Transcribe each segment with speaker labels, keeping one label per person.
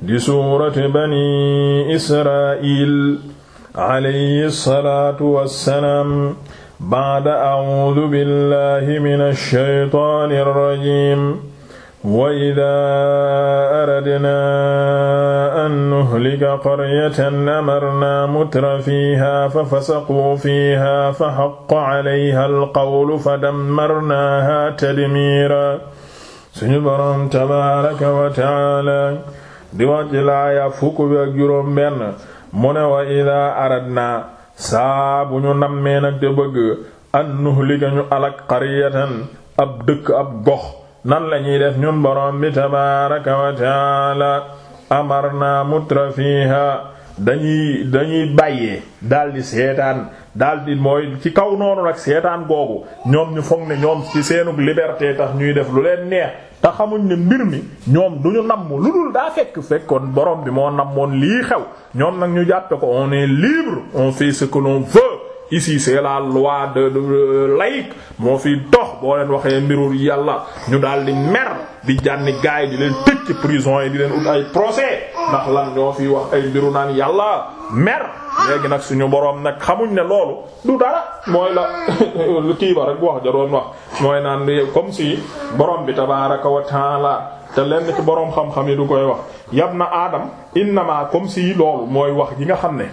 Speaker 1: di suurati bani israil alayhi salaatu wassalaam ba'da a'uudu billahi minash shaytaanir rajiim wa idaa aradnaa an nuhlika qaryatan amarnaa mutra fiihaa fa fasaquu fiihaa fa haqqa alayhaa alqawlu fa dammarnaahaa tadmiiraa suñu boroom tabaaraka wa ta'aala di wax ci laaya fukk bi ak juróom benn mu ne wa ida aradna saa bu ñu nammee nag te bëgg an nuhlika ñu alak qaryatan ab dëkk ab gox nan lañuy def ñun borom bi tabaaraka wa taala
Speaker 2: amarna mutra fiha dañuy dañuy bàyyee daldi seetaan daldi mooy ci kaw noonu nag seetaan googu ñoom ñu foog ne ñoom ci seenug liberté tax ñuy def lu leen neex te xamuñ ne mbir mi ñoom du ñu namm lu dul daa fekk fekkoon borom bi moo nammoon lii xew ñoom nag ñu jàppe ko on est libre on fait ce que l'on ici c'est la loi de laïque moo fi dox boo leen waxee mbiru yàlla ñu daal di mer di jànni gaay di leen tëj ci prison yi di leen ut ay procès ndax lan ñoo fi wax ay mbiru naan yàlla mer léegi nag suñu boroom nag xamuñ ne loolu du dara mooy la kii ba rek wax ja doon wax mooy naan comme si boroom bi tabaaraka wa taala te lenn ci boroom xam-xam yi du koy wax yab na aadam innama comme si loolu mooy wax yi nga xam ne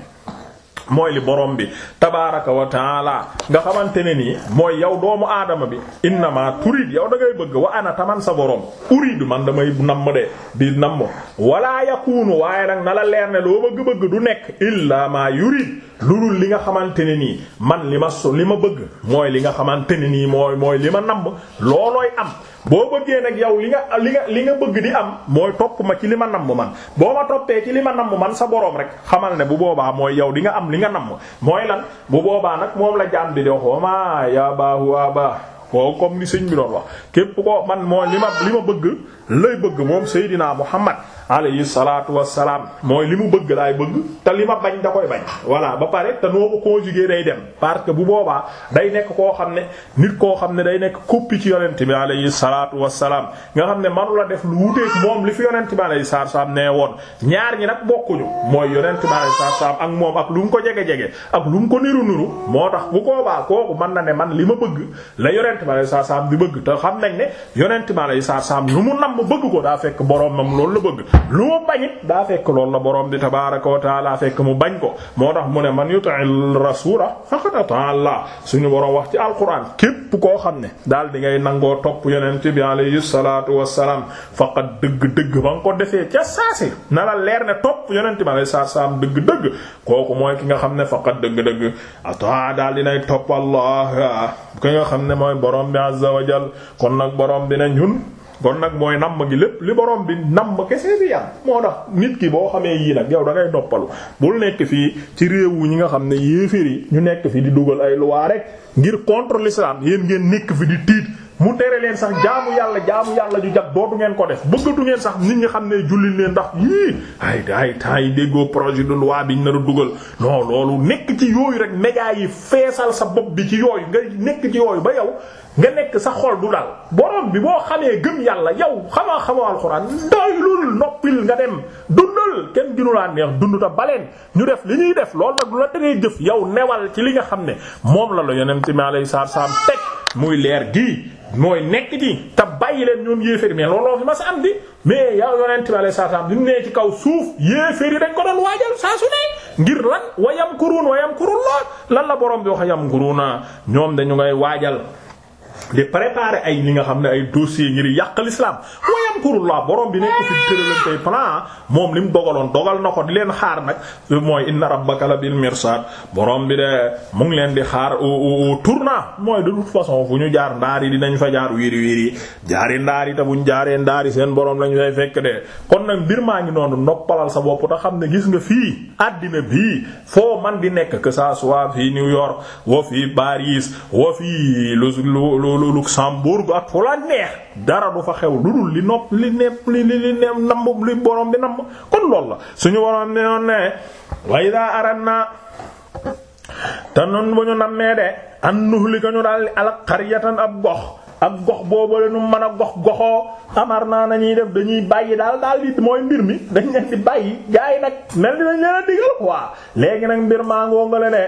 Speaker 2: mooy li borom bi tabaaraka wa taala nga xamante ne nii mooy yow doomu aadama bi ma turid yow da ngay bëgg wa ana taman sa borom uridu man damay namm de bi namm wala yakunu waaye nag na la leer ne loo bëgg-bëgg du nekk illa ma yurid lulul li nga xamante ne nii man li ma so li ma bëgg mooy li nga xamante ne nii mooy mooy li ma namm loolooy am boo bëggee nag yow li nga li nga li nga bëgg di am mooy topp ma ci li ma namm man boo ma toppee ci ma sa borom rek xamal li nga namm mooy lan bu boobaa nag moom la jaam bi di wax wama ya baahu aba ko comme ni sëñ bi doon wax képp ko man mooy li ma li ma bëgg lay bëgg moom Seydina Muhammad alayhi salaatu salaam mooy li mu bëgg laay bëgg te li ma bañ da koy bañ voilà ba pare te noo koo conjugué day dem parce que bu boobaa day nekk koo xam ne nit koo xam ne day nekk koppi ci yonent bi alayhi salaatu salaam nga xam ne manu la def lu wuteek moom li fi yonent bi alayhi salaatu wassalaam nee woon ñaar ñi nag bokkuñu mooy yonent bi alayhi salaatu ak moom ak lu mu ko jege-jege ak lu mu ko niru niru moo tax bu boobaa kooku mën na ne man li ma bëgg la yonent bi alayhi salaatu wassalaam bëgg xam nañ ne yonent bi alayhi ma bëgg ko daa fekk borom moom loolu la bëgg lu ma bañit daa fekk loolu la borom di tabaaraka wa taala fekk mu bañ ko moo tax mu ne man yuti'il rasuula faqad ata'a Allah suñu borom wax ci alquran képp koo xam ne daal di ngay nangoo topp yonent bi alayhi salaatu wassalaam faqad dëgg-dëgg ba nga ko defee ca saasi na leer ne topp yonent bi alayhi salaatu dëgg-dëgg kooku mooy ki nga xam ne faqad dëgg-dëgg ata daal dinay topp Allah ki nga xam ne mooy boroom bi azza wa kon nag boroom bi ne ñun kon nag mooy namm gi lépp li borom bi namm kese bi yam moo tax nit ki boo xamee yii nag yow da ngay noppalu bul nekk fii ci réewu ñi nga xam ne yéeféer yi ñu nekk fi di dugal ay luwaa rek ngir contre l'islam yéen ngeen nekk fi di tiit mu tere leen sax jaamu yàlla jaamu yàlla ju jag dootu ngeen ko def bëggatu ngeen sax nit ñi xam ne julli leen ndax yii ay ay temps yi déggoo projet de loi biñ nar dugal non loolu nekk ci yooyu rek média yi feesal sa bopp bi ci yooyu nga nekk ci yooyu ba yow nga nekk sa xol du dal bi boo xamee gëm yàlla yow xamaa xamaa alxuraan doylul noppil nga dem dundal kenn ginu laa neex dund ta baleen ñu def li ñuy def loolu nag la teree jëf yow newal ci li nga xam ne moom la la yonent mi alayhi salaam teg muy leer gii mooy nekk ji ta bàyyi leen ñoom yéeféri mais looloo fi ma sa am di mais yow yonent bi alayhi salaam bi nee ci kaw suuf yéeféri dañ ko doon waajal saa su ne ngir lan wayam kuruun wayam kuruun lool lan la borom bi wax yam kuruuna ñoom dañu ngay waajal di préparer ay li nga xam ne ay dossier ngir yàq l'islam wayam pourullah borom bi nekk ko fi tëralantey plan moom li mu dogaloon dogal na ko di leen xaar nag mooy inna rabbaka la bil mirsad borom bi de mu ngi leen di xaar au tournant mooy de toute façon fu ñu jaar ndaar yi dinañ fa jaar wiiri wiiri jaari ndaar yi te ñu jaaree ndaar yi seen boroom lañu fay fekk de kon nag mbir maa ngi noonu noppalal sa bopp te xam ne gis nga fii àddina bii foo man di nekk que ça soit fii New York wa fii Paris wa fii lu Luxembourg ak fu la neex dara du fa xew lu dul li nopp li nepp li li namb li borom bi namb kon loolu la suñu waroon ne noon ne way daa aran naa te noonu bu ñu nammee de an nuhli ko ñu daal alqaryatan ab gox ak gox boobu la nu mën a gox goxoo amar naa nañuy def dañuy bàyyi daal daal di mooy mbir mi dañ leen di bàyyi gars yi nag mel ni dañ leen a digal quoi léegi nag mbir maa ngoo nga le ne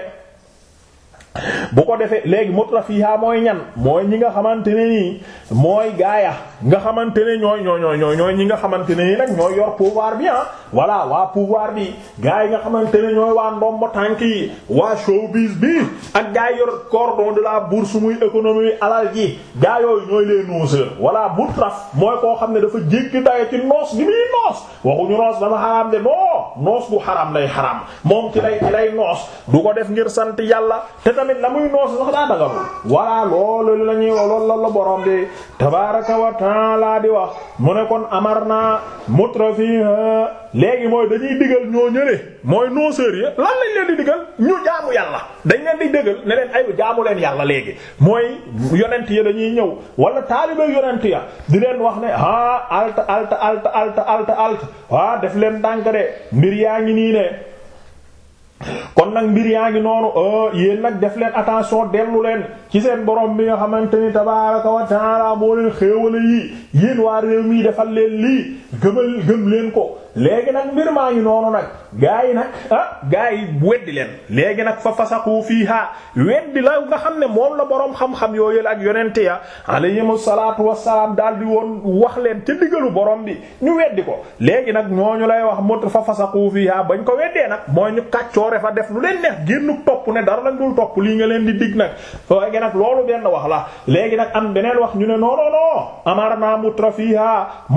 Speaker 2: bu ko defee léegi mutrafiha mooy ñan mooy ñi nga xamante ne nii mooy gaaya nga xamante ne ñooy ñooy ñooy ñooy ñi nga xamante ne nii nag ñooy yor pouvoir bi ah voilà waa pouvoir bi gaay yi nga xamante ne ñooy waa ndombo tànk yi waa showbiz bi ak gaay yor cordon de la bourse muy économie alal ji gaay yooyu ñooy les noceurs voilà mutraf mooy koo xam ne dafa jéggi dayo ci noos gi muy noos waxuñu noos dama xaram de non noos bu xaraam lay xaraam moom ci lay noos tamit la muy noosu sax daa daganul voilà loolu la ñuy wax loolu la borom bi tabaaraka wa taala di wax mu ne kon amar naa mutrafiha léegi mooy dañuy digal ñoo ñële mooy nooseur yi lan lañ leen di digal ñu jaamu yàlla dañ leen di dëgal ne leen ay jaamu leen yàlla léegi mooy yonent ya dañuy ñëw wala taalibe yonent ya di leen wax ne ah alta alta alta alta alta alta ah def leen ndànk de mbir yaa kon nag mbir yaa ngi noonu euh, yéen nag def leen attention dellu leen ci seen borom bi nga xamante ni tabaaraka wa taala moo leen xéewale yi yéen waa réew mi defal leen lii gëmal gëm leen ko léegi nag mbir maa ngi noonu nag gaa yi nag ah gaa yi weddi leen léegi nag fa fasaxu fiihaa weddi la nga xam ne moom la boroom xam-xam yooyu ak yonente ya alayhimu salaatu wassalaam daal di woon wax leen te diggalu boroom bi ñu weddi ko léegi nag ñooñu lay wax mot fa fasaxu fiihaa bañ ko weddee nag mooy ñu kàccoore fa def lu leen neex génn topp ne dara lañ dul topp lii nga leen di dig nag léegi nag loolu benn wax la léegi nag am beneen wax ñu ne non non non amarna mutrafiihaa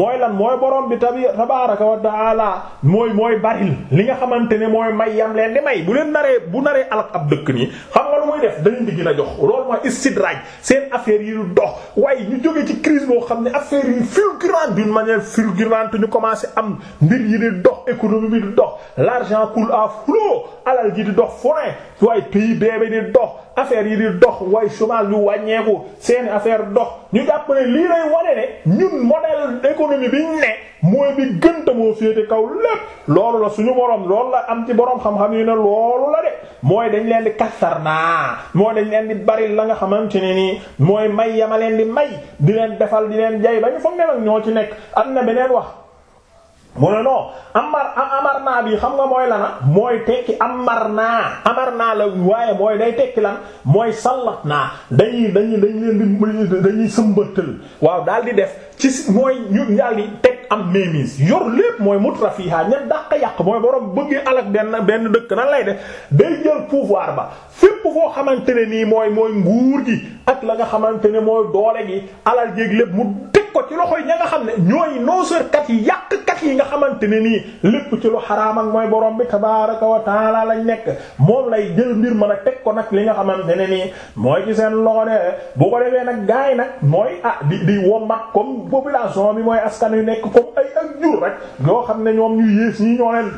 Speaker 2: taala mooy mooy baril li nga xamante ne mooy may yam leen di may bu leen naree bu naree alak ab dëkk nii xam nga lu muy def dañ di gën a jox loolu mooy istidraaj seen affaires yi lu dox waaye ñu jógee ci crise boo xam ne affaires yi fulgurante d'une manière fulgurante commencé am mbir yi di dox économie bi di dox l'argent coule à flot alal ji di dox fone waaye pays beebe di dox affaires yi di dox waaye chômage bi wàññeeku seen affaire dox ñu jàpp ne lii lay wane ne ñun modèle économie bi ne mooy bi gën moo fi féete kaw lépp loolu la suñu borom loolu la am ci borom xam-xam yu ne loolu la de mooy dañ leen di kasar naa mooy dañ leen di bari la nga xamante ne nii mooy may yama leen di may di leen defal di leen jay ba ñu ne nag ñoo ci nekk am na beneen wax. mu ne non amar amar naa bi xam nga mooy na mooy tekki am naa amarnaa naa la waaye mooy day tekki lan mooy sallat naa dañuy dañuy dañ leen dañuy sëmbatal waaw daal di def ci mooy ñu daal di teg am mémise yor lépp mooy mutrafiha ña dàq yàq mooy borom bëggee alak benn benn dëkk nan lay def day jël pouvoir ba fépp foo xamante ne nii mooy mooy nguur gi ak la nga xamante ne mooy doole gi alal jéeg lépp mu teg ko ci loxoy ña nga xam ne ñooy nooseerkat yi yàqkat yi nga xamante ne nii lépp ci lu xaraam ak mooy borom bi tabaaraka wa taala lañ nekk moom lay jël mbir ma la teg ko nag li nga xamante ne nii mooy ci seen loxo de bu ko defee nag gaay nag mooy ah di di wommat comme population bi mooy askan yu nekk comme ay ak jur rek yoo xam ne ñoom ñu yées ñi ñoo leen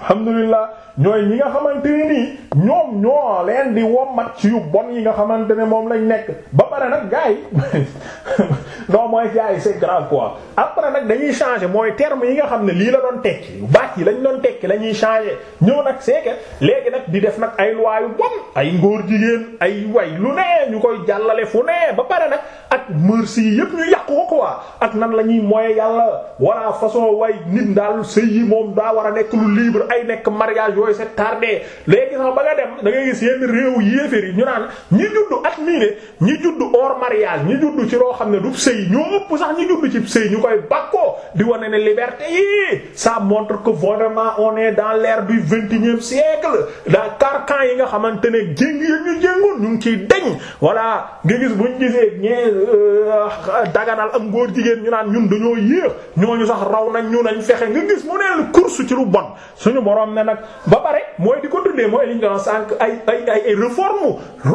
Speaker 2: alhamdulillah ñooy ñi nga xamante ne nii ñoom ñoo leen di wommat ci yu bon yi nga xamante ne moom lañ nekk ba pare nag gars yi non mooy gars yi c'est grave après nag dañuy changer mooy terme yi nga xam ne lii la doon tekki yu yi lañ doon tekki lañuy ñuy changer ñëw nag c'est que léegi nag di def nag ay loi yu bon ay ngóor jigéen ay way lu ne ñu koy jàllale fu ne ba pare nag ak merci yi yëpp ñu yàqu ko quoi ak nan la ñuy mooy yàlla walla façon way nit daal sëy yi moom daa war a nekk lu libre ay nekk mariage yooyu c'est tardé léegi sax ba nga dem da ngay gis yenn réew yéeféer yi ñu naan ñi juddu at mii de ñi juddu hors mariage ñi juddu ci loo xam ne du sëy ñoo sax ñi juddu ci sëy ñu koy bakkoo di wane ne liberté yi ça montre que vraiment on est dans l'ère du vingt-et-unième da daa carcan yi nga xamante ne jéng yi ñu jéngoon ñu ngi ciy deñ voilà nga gis buñ gisee ñee euh, daganal ak ngóor jigéen ñu naan ñun dañoo yéex ñu sax raw nañ ñu nañ fexe nga gis mu neel course ci lu bon suñu borom ne ba pare mooy di ko tuddee mooy li ñu doon sànq ay ay ay ay réforme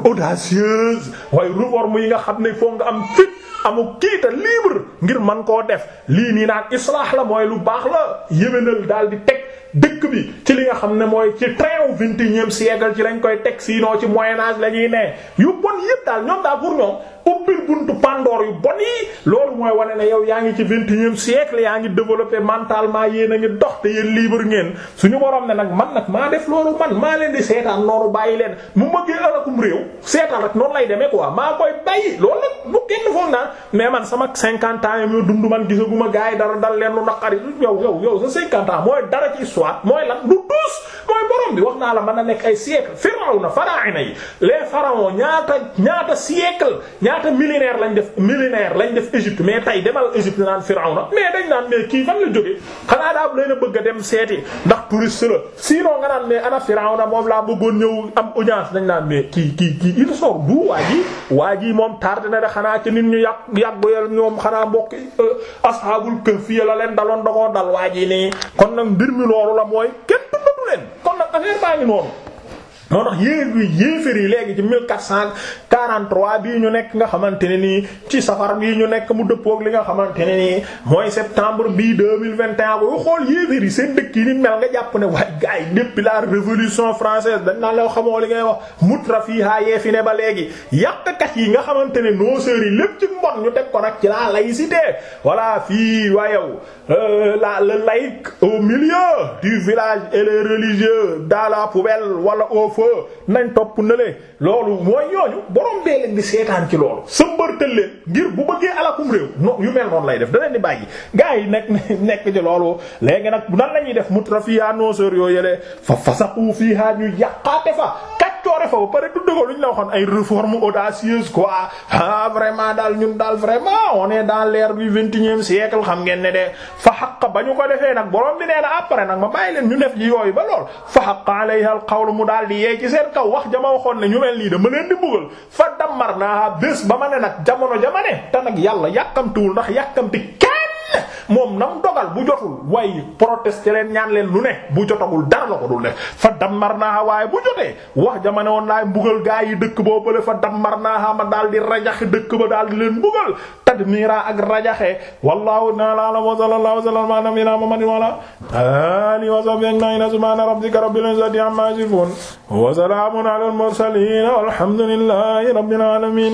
Speaker 2: audacieuse waaye réforme yi nga xam ne foo nga am fit amu kiita libre ngir man koo def lii nii naan islaax la mooy lu baax la yéwénal daal di teg dëkk bi ci li nga xam ne mooy ci train vingt et si siècle ci lañ koy teg siinoo ci moyen âge la ñuy ne yu bon yëpp daal ñoom daal pour ñoom ubbil buntu Pandore yu bon loolu mooy wane ne yow yaa ngi ci vingt et unième siècle yaa ngi développé mentalement yéen a ngi dox te yéen libre ngeen suñu borom ne nag man nag maa def loolu man maa leen di seetaan noonu bàyyi leen mu mëggee alakum réew seetaan rek noonu lay demee quoi maa koy bàyyi loolu nag bu kenn foog naa mais man sama cinquante ans yoo dund man gisaguma gars yi dara dal leen lu naqari yow yow yow sa cinquante ans mooy dara ci histoire mooy lan du tuus naa la mën a nekk ay siècle pharaon ñaata millénaire lañ def millénaire lañ def Égypte mais tey demal Égypte naan Firawna mais dañ naan mais kii fan la jógee xanaa daa leen a bëgg a dem seeti ndax touriste la sinon nga naan mais ana Firawna moom laa bëggoon ñëw am audience dañ naan mais kii kii kii il sort d'où waa ji waa ji moom tardé na de xanaa ci nit ñu yàq yàq yàlla ñoom xanaa mbokk euh, ashabul fii la leen daloon da koo dal waa ji nii kon nag mbir mi loolu la mooy kenn tuddatu leen kon moo tax yéeg bi yéeféer yi léegi ci 1443 bii ñu nekk nga xamante ne nii ci safar bii ñu nekk mu dëppook li nga xamante ne nii mooy septembre bii 2021 mille xool yéeféer yi seen dëkk yi ni mel nga jàpp ne waaye gars yi depuis la révolution la xamoo li ngay wax ba léegi yàqkat yi nga xamante ne nooseurs yi lépp ci mbon ñu teg ko nag ci la laïcité voilà fii wayow euh, la le laïc au milieu du village et les religieux dans la poubelle wala fa nañ topp na loolu mooy ñooñu borom bee leen di seetaan ci loolu sa mbërtal leen ngir bu bëggee alakum réew yu mel noonu lay def da leen di bàyyi gaa yi nekk nekk ci loolu léegi nag nan la def def mutrafiya nooseur yoo yëlee fa fasaqu fiha ñu yàqaate fa coore fa ba pare du dëgg lu la waxoon ay réforme audacieuse quoi ah vraiment daal ñun daal vraiment on est dans l'ère du vingt-et-unième siècle xam ngeen ne de fa xaq ba ñu ko defee nag borom bi nee na après nag ma bàyyi leen ñu def ji yooyu ba lool fa xaq alayha al qawl mu daal di yee ci seen kaw wax jama waxoon ne ñu mel nii dama leen di mbugal fa dammar naa bés ba ma ne nag jamono jama ne te nag yàlla yàkkamtuwul ndax yàkkamti. moom nam dogal bu jotul waaye protester leen ñaan leen lu ne bu jotagul dara la ko dul def fa dammarnaaha waaye bu jotee wax jamane woon laay mbugal gaa yi dëkk boo bële fa dammarnaaha ma daal di rajaxe dëkk ba daal di leen mbugal tadmiira ak rajaxe wallahu ta'ala a'lam wa sallallahu sallam ala nabiyyina muhammadin wa ala
Speaker 1: alihi wa sahbihi ajma'in subhana rabbika rabbil izzati amma yasifun wa salamun ala al mursalin walhamdulillahi rabbil alamin